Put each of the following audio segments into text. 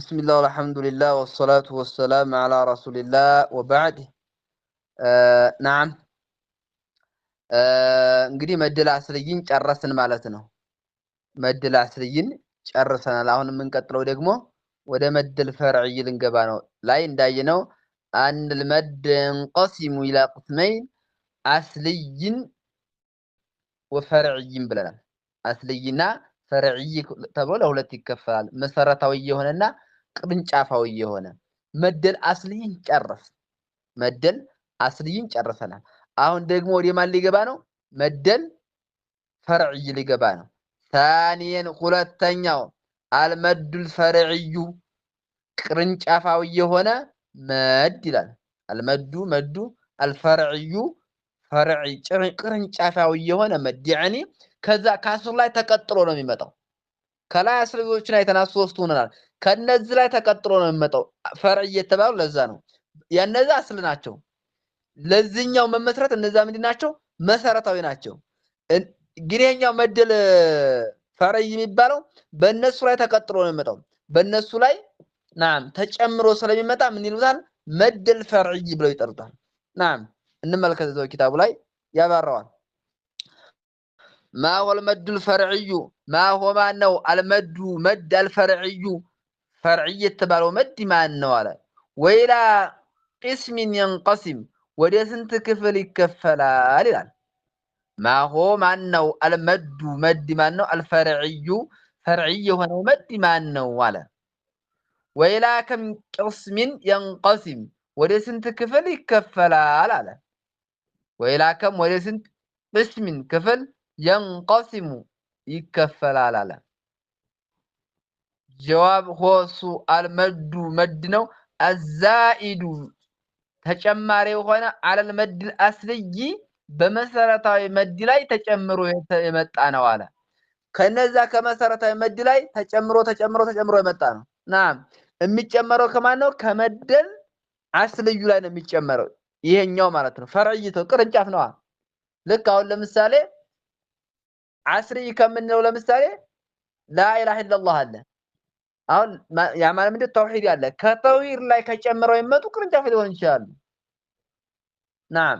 ብስሚላህ ወልሐምዱሊላህ ወሰላቱ ወሰላም አላ ረሱሊላህ ወባዕድ። ናም እንግዲህ መድል አስልይን ጨረስን ማለት ነው። መድል አስልይን ጨርሰናል። አሁን የምንቀጥለው ደግሞ ወደ መድል ፈርዕይ ልንገባ ነው። ላይ እንዳየነው አን ልመድ የንቀሲሙ ኢላ ቅስመይን አስልይን ወፈርዕይን ብለናል። አስልይና ፈርዕይ ተብሎ ለሁለት ይከፈላል። መሰረታዊ የሆነና ቅርንጫፋዊ የሆነ መደል አስልይን ጨርስ መደል አስልይን ጨርሰናል። አሁን ደግሞ ወደ ማን ሊገባ ነው? መደል ፈርዕይ ሊገባ ነው። ታኒየን ሁለተኛው አልመዱል ፈርዕዩ ቅርንጫፋዊ የሆነ መድ ይላል። አልመዱ መዱ አልፈርዕዩ ፈርዕይ ቅርንጫፋዊ የሆነ መድ ያኒ ከዛ ከአስር ላይ ተቀጥሎ ነው የሚመጣው። ከላይ አስር ጊዜዎችን አይተናል፣ ሶስት ሆነናል። ከነዚህ ላይ ተቀጥሎ ነው የሚመጣው። ፈርዕ እየተባሉ ለዛ ነው የነዛ አስል ናቸው። ለዚህኛው መመስረት እነዛ ምንድን ናቸው? መሰረታዊ ናቸው። ግን ይሄኛው መደል ፈረይ የሚባለው በእነሱ ላይ ተቀጥሎ ነው የሚመጣው። በእነሱ ላይ ናም ተጨምሮ ስለሚመጣ ምን ይሉታል? መደል ፈርዕይ ብለው ይጠሩታል። ናም እንመልከት፣ እዛው ኪታቡ ላይ ያባራዋል። ማሆል መዱል ፈርዕዩ ማሆማ ነው አልመዱ መድ አልፈርዕዩ ፈርዕይ የተባለው መድ ማን ነው አለ። ወይላ ቅስሚን የንቀሲም ወደ ስንት ክፍል ይከፈላል ይላል። ማሆ ማን ነው? አልመዱ መድ ማን ነው? አልፈርዕዩ ፈርዕይ የሆነው መድ ማን ነው አለ። ወይላ ከም ቅስሚን የንቀሲም ወደ ስንት ክፍል ይከፈላል አለ። ወይላ ከም ወደ ስንት ቅስሚን ክፍል የንቀሲሙ ይከፈላል አለ። ጀዋብ ሆሱ አልመዱ መድ ነው። አዛኢዱ ተጨማሪ የሆነ አለል መድል አስልይ በመሰረታዊ መድ ላይ ተጨምሮ የመጣ ነው አለ። ከነዛ ከመሰረታዊ መድ ላይ ተጨምሮ ተጨምሮ ተጨምሮ የመጣ ነው። ናም የሚጨመረው ከማን ነው? ከመደል አስልዩ ላይ ነው የሚጨመረው ይሄኛው ማለት ነው። ፈርዕይቶ ቅርንጫፍ ነዋ። ልክ አሁን ለምሳሌ አስልይ ከምንለው ለምሳሌ ላኢላሃ ኢለላህ አለ አሁን ያ ማለት ምንድን ተውሂድ አለ። ከተውሂድ ላይ ከጨምረው የሚመጡ ቅርንጫፍ ሊሆን ይችላሉ። ናም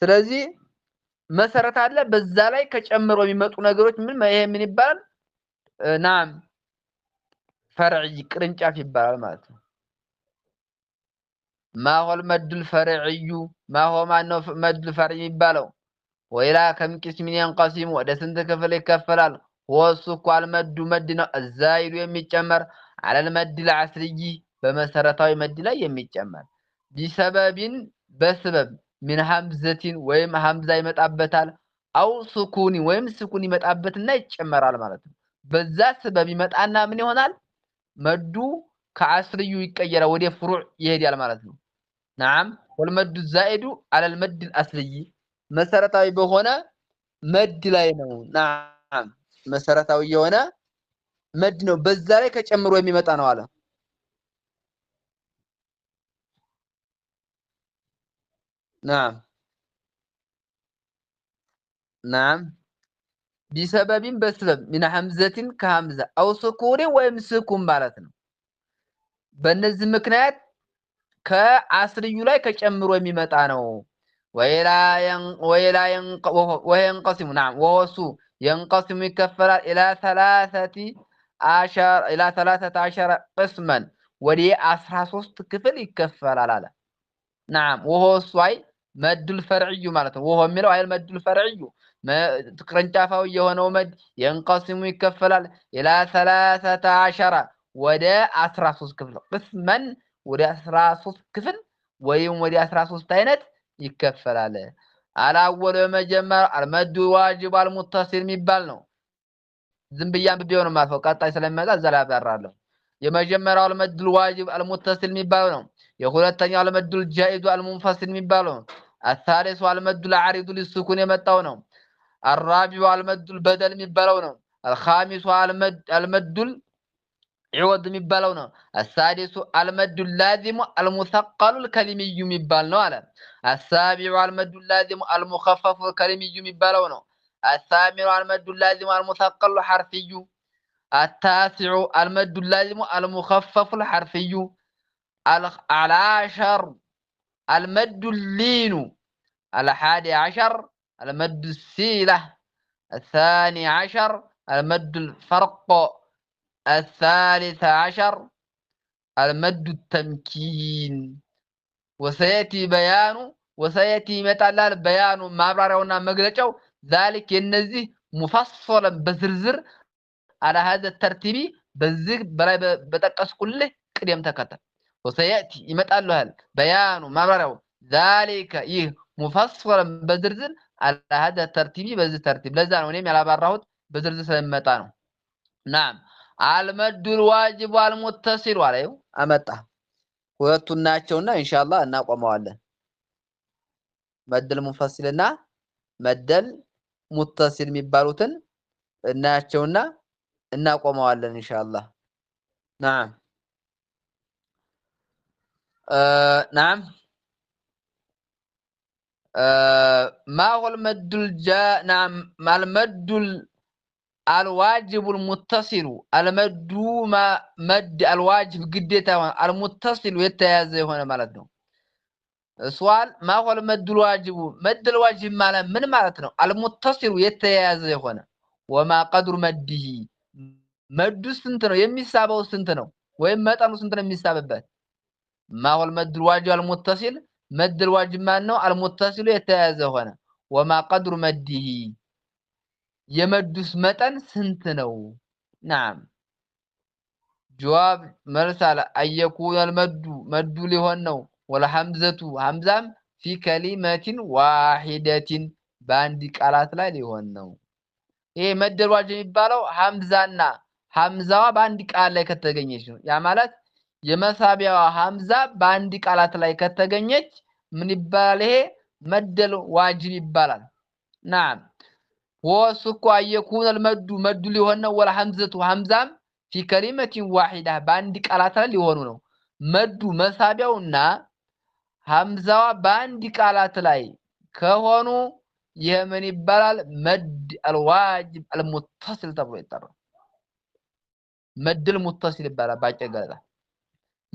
ስለዚህ መሰረት አለ። በዛ ላይ ከጨምረው የሚመጡ ነገሮች ምን ይሄ ምን ይባላል? ናም ፈርዕይ ቅርንጫፍ ይባላል ማለት ነው። ማሆል መድል ፈርዕዩ ማሆ ማነው መድል ፈርዕይ የሚባለው ወይላ ከምቂስ ምን የንቀሲሙ ወደ ስንት ክፍል ይከፈላል? ወሱ እኮ መዱ መድ ነው። እዛ ይሉ የሚጨመር አለል መድ ለአስልይ በመሰረታዊ መድ ላይ የሚጨመር ቢሰበቢን በስበብ ምን ሀምዘቲን ወይም ሀምዛ ይመጣበታል። አው ስኩኒ ወይም ስኩን ይመጣበትና ይጨመራል ማለት ነው። በዛ ስበብ ይመጣና ምን ይሆናል? መዱ ከአስልዩ ይቀየራል፣ ወደ ፍሩዕ ይሄዳል ማለት ነው። ናም ወልመዱ ዛኢዱ አለል መድ አስርይ መሰረታዊ በሆነ መድ ላይ ነው ናም መሰረታዊ የሆነ መድ ነው። በዛ ላይ ከጨምሮ የሚመጣ ነው አለ። ናም ናም ቢሰበብን በስበብ ሚን ሐምዘቲን ከሐምዘ አው ስኩኒ ወይም ስኩም ማለት ነው። በእነዚህ ምክንያት ከአስርዩ ላይ ከጨምሮ የሚመጣ ነው። ወይላ የንቀሲሙ ናም ወሆሱ ينقسم ይከፈላል ኢላ ሰላሰተ አሸረ ቅስመን ወደ አስራ ሶስት ክፍል ይከፈላል አለ። ናም ወሆ እሷይ መዱል ፈርዕዩ ማለት ነው። ወሆ የሚለው አይል መዱል ፈርዕዩ ቅርንጫፋዊ የሆነው መድ የንቀስሙ ይከፈላል ኢላ ሰላሰተ አሸረ ወደ አስራ ሶስት ክፍል ቅስመን ወደ አስራ ሶስት ክፍል ወይም ወደ አስራ ሶስት ይከፈላል። አላወሉ የመጀመር አልመዱ ዋጅብ አልሙተሲል የሚባል ነው። ዝም ብዬ አንብቤው ነው የማልፈው። ቀጣይ ስለሚመጣ እዛ ላይ አብራራለሁ። የመጀመሪያው አልመዱል ዋጅብ አልሙተሲል የሚባለው ነው። የሁለተኛው አልመዱል ጃኢዱ አልሙንፈሲል የሚባለው ነው። አሳሌሱ አልመዱል አሪዱ ሊሱኩን የመጣው ነው። አራቢው አልመዱል በደል የሚባለው ነው። አልኻሚሱ አልመዱል عوض مبالونا السادس المد اللازم المثقل الكلمي مبالنا السابع المد اللازم المخفف الكلمي مبالونا الثامن المد اللازم المثقل الحرفي التاسع المد اللازم المخفف الحرفي العاشر المد اللين الحادي عشر المد السيلة الثاني عشر المد الفرق الثالث عشر المد التمكين وسيأتي بيانه وسيأتي متى البيان ما براريونا مقلتشو ذلك ينزي مفصلا بزرزر على هذا الترتيب بزر براي بتقص كله كريم تكتر وسيأتي يمتى هل بيان ما براريو ذلك إيه مفصلا بزرزر على هذا الترتيب بزر ترتيب لازم ونيم على يالابراهوت بزرزر سلم نعم አልመዱል ዋጅብ አልሙተሲል አለው አመጣ። ሁለቱን ናቸውና ኢንሻአላህ እናቆመዋለን። መደል ሙፈሲልና መደል ሙተሲል የሚባሉትን እናያቸውና እናቆመዋለን ኢንሻአላህ። ነዓም ነዓም ማሁል መዱል ጃ ነዓም ማል አልዋጅቡል ሙተሲሉ አልመዱ መድ አልዋጅብ ግዴታ ሆነ አልሙተሲሉ የተያያዘ የሆነ ማለት ነው። እሷል ማሆል መድል ዋጅቡ መድል ዋጅብ ማለት ምን ማለት ነው? አልሙተሲሉ የተያያዘ የሆነ ወማ ቀድሩ መድሂ መዱ ስንት ነው? የሚሳበው ስንት ነው? ወይም መጠኑ ስንት ነው የሚሳብበት? ማሆል መድል ዋጅብ አልሙተሲል መድል ዋጅብ ማለት ነው። አልሙተሲሉ የተያያዘ ሆነ ወማ ቀድሩ መድሂ የመዱስ መጠን ስንት ነው? ናም ጀዋብ መልስ አለ አየኩን አልመዱ መዱ ሊሆን ነው። ወለሐምዘቱ ሐምዛም ፊ ከሊመቲን ዋሂደቲን በአንድ ቃላት ላይ ሊሆን ነው። ይሄ መደሯጅ የሚባለው ሐምዛና ሐምዛዋ በአንድ ቃል ላይ ከተገኘች ነው። ያ ማለት የመሳቢያዋ ሐምዛ በአንድ ቃላት ላይ ከተገኘች ምን ይባላል? ይሄ መደል ዋጅብ ይባላል። ናም ወሱ እኮ አየኩን አልመዱ መዱ ሊሆን ነው። ወልሐምዘቱ ሐምዛም ፊ ከሊመቲን ዋሂዳ በአንድ ቃላት ሊሆኑ ነው። መዱ መሳቢያውና ሐምዛዋ በአንድ ቃላት ላይ ከሆኑ ይህ ምን ይባላል? መድ አልዋጅብ አልሙተሲል ተብሎ ይጠራል። መድ አልሙተሲል ይባላል። ባጭር ገለጻ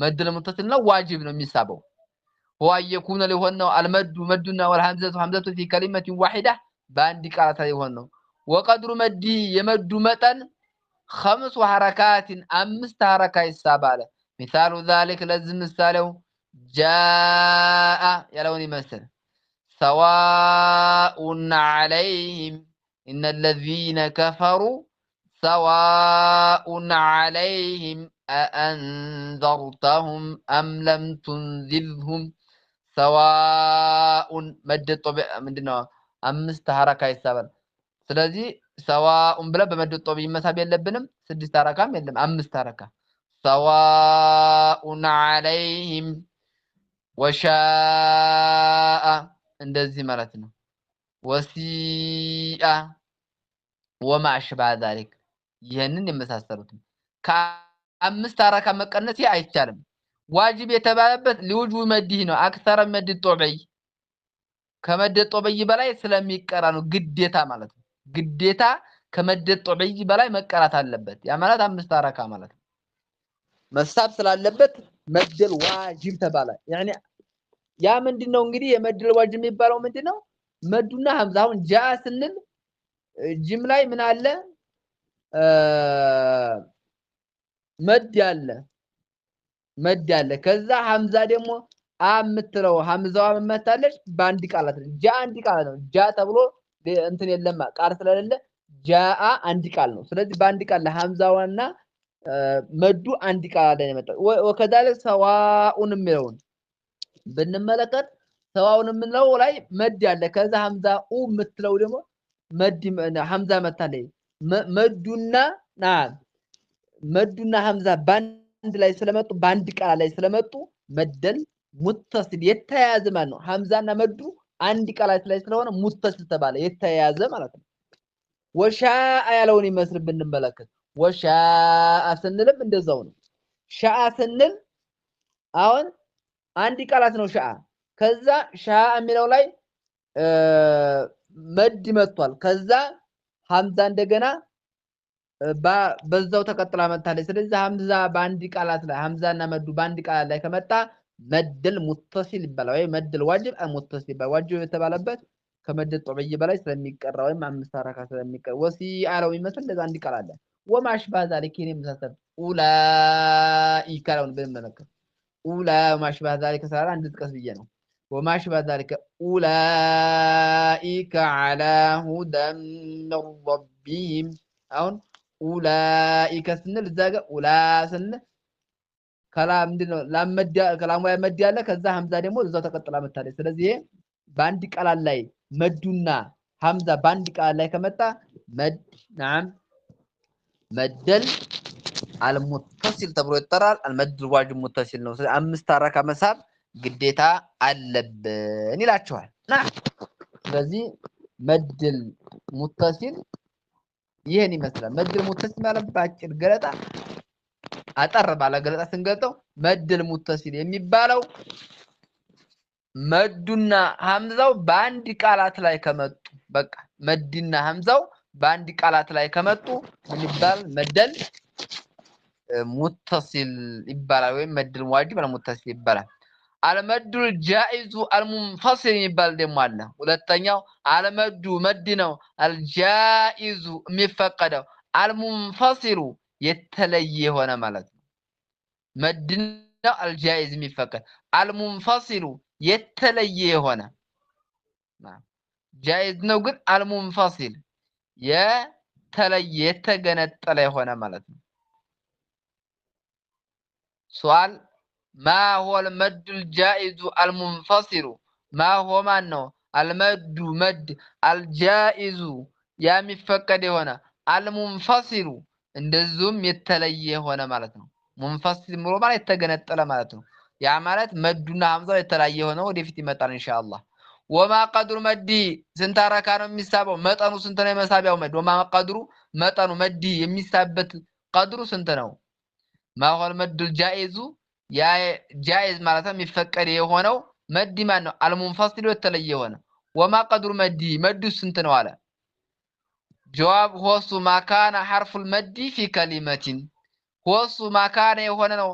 መድ አልሙተሲል ነው፣ ዋጅብ ነው የሚሳበው። ሁዋ አየኩን ሊሆን ነው። አልመዱ መዱና ወልሐምዘቱ ሐምዘቱ ፊ ከሊመቲን ዋሂዳ باندي كالاتا يهونو وقدر مدي يمد متن خمس حركات امست حركة السابالة مثال ذلك لازم نستالو جاء يلوني مثل سواء عليهم ان الذين كفروا سواء عليهم أأنذرتهم أم لم تنذرهم سواء مد الطبيعة من دنوع. አምስት ሐረካ ይሳባል። ስለዚህ ሰዋኡን ብለን በመድጦ መሳብ የለብንም። ስድስት ሐረካም የለም አምስት ሐረካ ሰዋኡን ዐለይሂም ወሻአ እንደዚህ ማለት ነው። ወሲአ ወማዕሽባ ዛሊክ ይህንን የመሳሰሉትም ከአምስት ሐረካ መቀነስ አይቻልም። ዋጅብ የተባለበት ሊውጁ መዲህ ነው። አክሰረ መድ ጦበይ ከመደጦ በይ በላይ ስለሚቀራ ነው ግዴታ ማለት ነው። ግዴታ ከመደጦ በይ በላይ መቀራት አለበት። ያ ማለት አምስት አረካ ማለት ነው። መሳብ ስላለበት መደል ዋጅብ ተባለ። ያኔ ያ ምንድነው እንግዲህ የመደል ዋጅብ የሚባለው ምንድነው? መዱና ሐምዛ አሁን ጃ ስንል ጅም ላይ ምን አለ? መድ ያለ መድ ያለ ከዛ ሀምዛ ደግሞ አ የምትለው ሀምዛዋ መታለች በአንድ ቃላት ጃ አንድ ቃል ነው። ጃ ተብሎ እንትን የለማ ቃል ስለሌለ ጃአ አንድ ቃል ነው። ስለዚህ በአንድ ቃል ለሀምዛዋና መዱ አንድ ቃል ላይ የመጣው ወከዛልክ ሰዋኡን የሚለውን ብንመለከት ሰዋውን የምንለው ላይ መድ አለ። ከዛ ሀምዛ ኡ የምትለው ደግሞ መድ ሀምዛ መታለች። መዱና ናም መዱና ሀምዛ በአንድ ላይ ስለመጡ በአንድ ቃል ላይ ስለመጡ መደል ሙተስል የተያያዘ ማለት ነው። ሀምዛና መዱ አንድ ቃላት ላይ ስለሆነ ሙተስል ተባለ፣ የተያያዘ ማለት ነው። ወሻአ ያለውን ይመስል ብንመለከት ወሻአ ስንልም እንደዛው ነው። ሻአ ስንል አሁን አንድ ቃላት ነው ሻአ። ከዛ ሻአ የሚለው ላይ መድ መጥቷል። ከዛ ሀምዛ እንደገና በዛው ተቀጥላ መጥታለች። ስለዚህ ሀምዛ በአንድ ቃላት ላይ ሀምዛና መዱ በአንድ ቃላት ላይ ከመጣ መደል ሙተሲል ይባላል ወይ መደል ዋጅብ ሙተሲል ይባላል። ዋጅብ የተባለበት ከመደል ጦብይ በላይ ስለሚቀራ ወይም አምስት አረካ ስለሚቀራ ወሲ አለው ይመስል ለዛ እንዲቀራለን ወማሽባ ዛሊክ ይሄን መሳሰል ኡላኢካ ለውን ብንመለከት ኡላ ወማሽባ ዛሊክ ሰራ አንድ ጥቀስ ብዬ ነው። ወማሽባ ዛሊክ ኡላኢካ አላ ሁደን ረቢሂም አሁን ኡላኢካ ስንል እዛ ጋር ኡላ ስንል ከላሙያ መድ ያለ ከዛ ሀምዛ ደግሞ እዛው ተቀጥላ መታለች። ስለዚህ ይሄ በአንድ ቃላት ላይ መዱና ሀምዛ በአንድ ቃላት ላይ ከመጣ መድ ናም መደል አልሙተሲል ተብሎ ይጠራል። አልመድል ዋጅብ ሙተሲል ነው። ስለዚህ አምስት አረካ መሳብ ግዴታ አለብን ይላቸዋል። ና ስለዚህ መድል ሙተሲል ይህን ይመስላል። መድል ሙተሲል ማለት በአጭር ገለጣ አጠር ባለ ገለጻ ስንገልጠው መድል ሙተሲል የሚባለው መዱና ሀምዛው በአንድ ቃላት ላይ ከመጡ በቃ መድና ሀምዛው በአንድ ቃላት ላይ ከመጡ ምን መደል ሙተሲል ይባላል። ወይም መድል ሙዋጅብ ሙተሲል ይባላል። አልመዱል ጃኢዙ አልሙንፈሲል የሚባል ደግሞ አለ። ሁለተኛው አልመዱ መድ ነው። አልጃኢዙ የሚፈቀደው አልሙንፈሲሉ የተለየ የሆነ ማለት ነው። መድነው አልጃይዝ የሚፈቀድ አልሙንፈሲሉ የተለየ የሆነ ጃይዝ ነው፣ ግን አልሙንፈሲል የተለየ የተገነጠለ የሆነ ማለት ነው። ሷል ማሆል መዱል ጃኢዙ አልሙንፈሲሉ ማሆ ማን ነው? አልመዱ መድ አልጃኢዙ ያ የሚፈቀድ የሆነ አልሙንፈሲሉ እንደዚሁም የተለየ የሆነ ማለት ነው። ሙንፈሲል ምሮ ማለት የተገነጠለ ማለት ነው። ያ ማለት መዱና ሀምዛው የተለያየ የሆነ ወደፊት ይመጣል ኢንሻአላህ። ወማ ቀድሩ መዲ ስንት አረካ ነው የሚሳበው? መጠኑ ስንት ነው የመሳቢያው መድ? ወማ ቀድሩ መጠኑ መዲ የሚሳበት ቀድሩ ስንት ነው? ማሆል መዱል ጃኢዙ ያ ጃኢዝ ማለት ነው የሚፈቀድ የሆነው መዲ ማን ነው? አልሙንፈሲሉ የተለየ የሆነ ወማ ቀድሩ መዲ መዱ ስንት ነው አለ ጀዋብ ሆሱ ማካነ ሐርፉል መዲ ፊ ከሊመቲን ሆሱ ማካነ የሆነ ነው።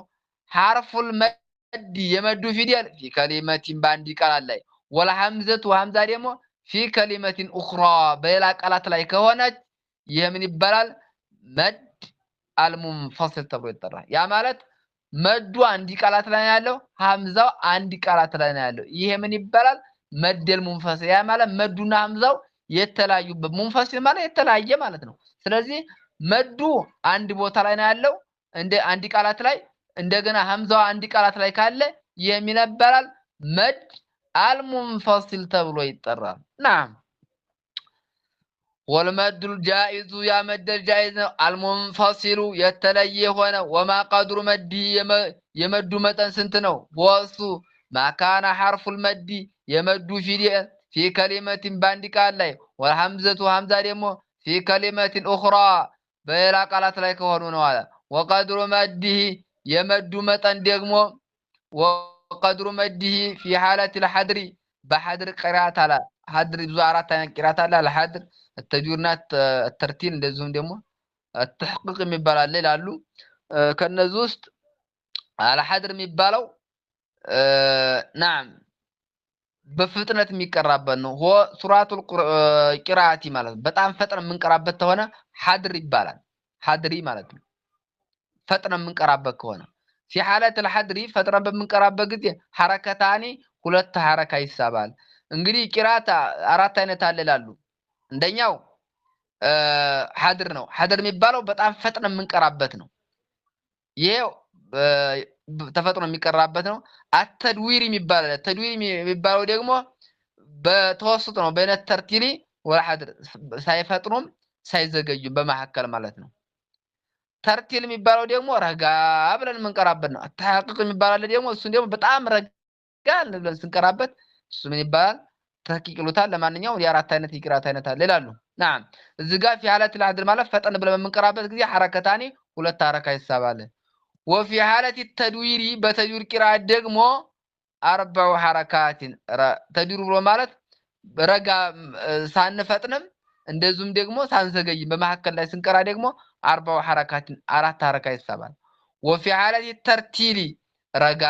ሐርፉል መዲ የመዱ ፊደል ፊ ከሊመቲን በአንድ ቃላት ላይ ወላ ሐምዘቱ ሐምዛ ደግሞ ፊ ከሊመቲን ኡኽራ በሌላ ቃላት ላይ ከሆነች ይህ ምን ይባላል? መድ አልሙንፈሲል ተብሎ ይጠራል። ያ ማለት መዱ አንድ ቃላት ላይ ያለው፣ ሐምዛው አንድ ቃላት ላይ ያለው። ይህ ምን ይባላል? መድ አልሙንፈሲል። ያ ማለት መዱና ሐምዛው የተለያዩ ሙንፈሲል ማለት የተለያየ ማለት ነው። ስለዚህ መዱ አንድ ቦታ ላይ ነው ያለው እንደ አንድ ቃላት ላይ እንደገና ሀምዛዋ አንድ ቃላት ላይ ካለ የሚነበራል መድ አልሙንፈሲል ተብሎ ይጠራል። ናም ወልመዱል ጃኢዙ ያ መደል ጃኢዝ ነው። አልሙንፈሲሉ የተለየ የሆነ ወማ ቀድሩ መዲ የመዱ መጠን ስንት ነው? ወሱ ማካና ሐርፉል መዲ የመዱ ፊደል في كلمة باندي قال لي والحمزة وحمزة ديمو في كلمة أخرى بيلا قالت لي كهرون وعلا وقدر مده يمد متن ديمو وقدر مده في حالة الحدري بحدر قرات على حدر بزوارات قرات على الحدر التجورنات الترتين لزوم ديمو التحقيق مبالا لي لالو كان زوست على حدر من أه نعم በፍጥነት የሚቀራበት ነው። ሆ ሱራቱል ቂራአቲ ማለት ነው። በጣም ፈጥነ የምንቀራበት ከሆነ ሀድር ይባላል። ሀድሪ ማለት ነው። ፈጥነ የምንቀራበት ከሆነ ፊ ሐለተል ሀድሪ ፈጥነ በምንቀራበት ጊዜ ሐረከታኒ ሁለት ሐረካ ይሳባል። እንግዲህ ቂራአት አራት አይነት አለ ይላሉ። እንደኛው ሀድር ነው። ሀድር የሚባለው በጣም ፈጥነ የምንቀራበት ነው። ይሄ ተፈጥሮ የሚቀራበት ነው። አተድዊር የሚባል ተድዊር የሚባለው ደግሞ በተወስጥ ነው። በነተርቲሊ ወላሐድር ሳይፈጥሩም ሳይዘገዩ በመካከል ማለት ነው። ተርቲል የሚባለው ደግሞ ረጋ ብለን የምንቀራበት ነው። ተሐቅቅ የሚባል ደግሞ እሱ ደግሞ በጣም ረጋ ብለን ስንቀራበት እሱ ምን ይባላል? ተቂቅሉታል። ይሉታል። ለማንኛውም የአራት አይነት የቂራት አይነት አለ ይላሉ። ናም እዚህ ጋር ፊ ሐለቲል ሐድር ማለት ፈጠን ብለን በምንቀራበት ጊዜ ሐረከታኒ ሁለት አረካ ይሳባለን وفي حالة التدوير بتدوير قراءة ደግሞ አርባው ሐረካትን ተድሩ ብሎ ማለት ረጋ ሳንፈጥንም እንደዚሁም ደግሞ ሳንዘገይ በመካከል ላይ ስንቀራ ደግሞ አርባው ሐረካትን አራት ሐረካ ይሳባል። ወፊ ሐለት ተርቲሊ ረጋ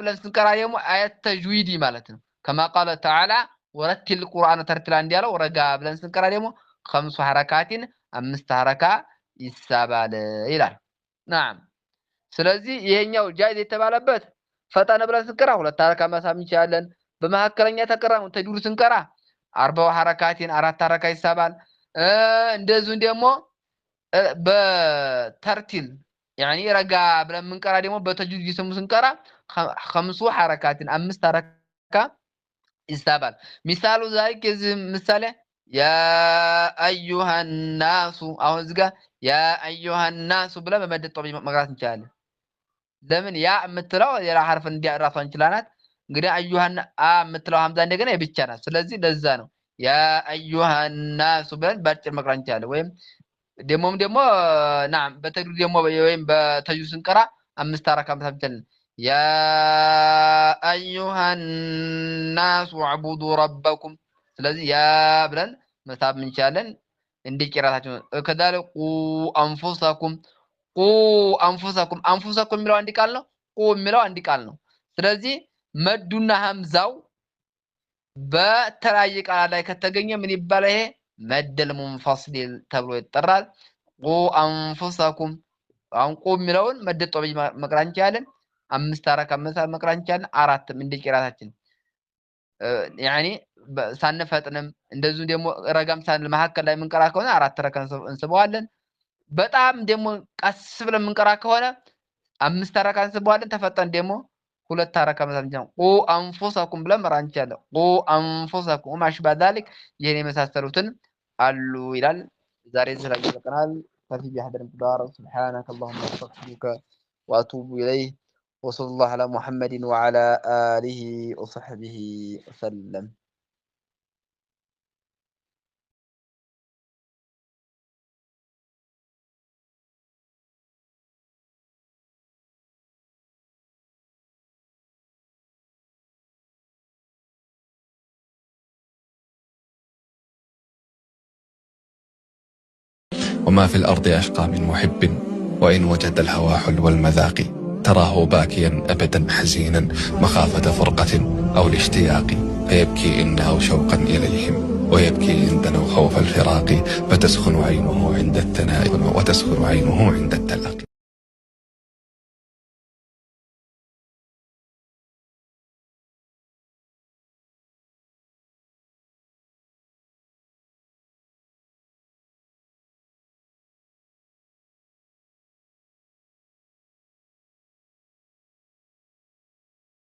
ብለን ስንቀራ ደግሞ አያት ተጅዊዲ ማለት ነው። ከማ ቃለ ተዓላ ወረቲል ቁርአን ተርቲላ እንዲያለው ረጋ ብለን ስንቀራ ደግሞ ከምሱ ሐረካትን አምስት ሐረካ ይሳባል ይላል። ናም ስለዚህ ይሄኛው ጃይዝ የተባለበት ፈጠነ ብለን ስንቀራ ሁለት አረካ መሳብ እንችላለን። በመካከለኛ ተቀራ ተጅሩ ስንቀራ አርባው ሐረካቴን አራት አረካ ይሳባል። እንደዚሁ ደግሞ በተርቲል ያኒ ረጋ ብለን የምንቀራ ደግሞ በተጅዊድ ጅስሙ ስንቀራ ከምሱ ሐረካትን አምስት ሐረካ ይሳባል። ሚሳሉ ዛሊክ የዚህ ምሳሌ ያ አሁን እዚህ ጋር ብለን በመደጠብ መቅራት እንችላለን። ለምን ያ የምትለው ሌላ ሐርፍ እንዲያ ራሷን ችላናት። እንግዲህ አዩሃን አ የምትለው ሀምዛ እንደገና የብቻ ናት። ስለዚህ ለዛ ነው ያ አዩሃናሱ ብለን በአጭር መቅራት እንችላለን። ወይም ደግሞም ደግሞ ና በተግሪ ደግሞ ወይም በተጁ ስንቀራ አምስት አራት አምስት አምስት ያ አዩሃናሱ አዕቡዱ ረበኩም። ስለዚህ ያ ብለን መሳብ እንችላለን። እንዲህ ቂራታችን ከዛለ ቁ አንፉሰኩም ቁ አንፉሰኩም አንፉሰኩም የሚለው አንድ ቃል ነው። ቁ የሚለው አንድ ቃል ነው። ስለዚህ መዱና ሀምዛው በተለያየ ቃላት ላይ ከተገኘ ምን ይባላል? ይሄ መደል ሙንፋስሊል ተብሎ ይጠራል። ቁ አንፉሰኩም አሁን ቁ የሚለውን መደጦ ጦብይ መቅራት እንችላለን። አምስት አራት አምስት መቅራት እንችላለን። አራትም እንደ ቂራታችን ያኔ ሳንፈጥንም እንደዚሁ ደግሞ ረጋም ሳንል መካከል ላይ የምንቀራ ከሆነ አራት ረከን እንስበዋለን። በጣም ደግሞ ቀስ ብለን የምንቀራ ከሆነ አምስት አረካ እንስበዋለን። ተፈጠን ደግሞ ሁለት አረካ መሳብ እንችላለን። ቁ አንፎሳኩም ብለን መራ እንችላለን። ቁ አንፎሳኩም ማሽባ ዛሊክ ይህን የመሳሰሉትን አሉ ይላል። ዛሬ ስላጅ በቀናል ففي بحضر ምትባረ ስብሓናከ اللهم استغفرك ወአቱቡ ኢለይህ وصلى الله على محمد وعلى اله وصحبه وسلم وما في الأرض أشقى من محب وإن وجد الهوى حلو المذاق تراه باكيا أبدا حزينا مخافة فرقة أو الاشتياق فيبكي إنه شوقا إليهم ويبكي إن دنوا خوف الفراق فتسخن عينه عند الثناء وتسخن عينه عند التلاقي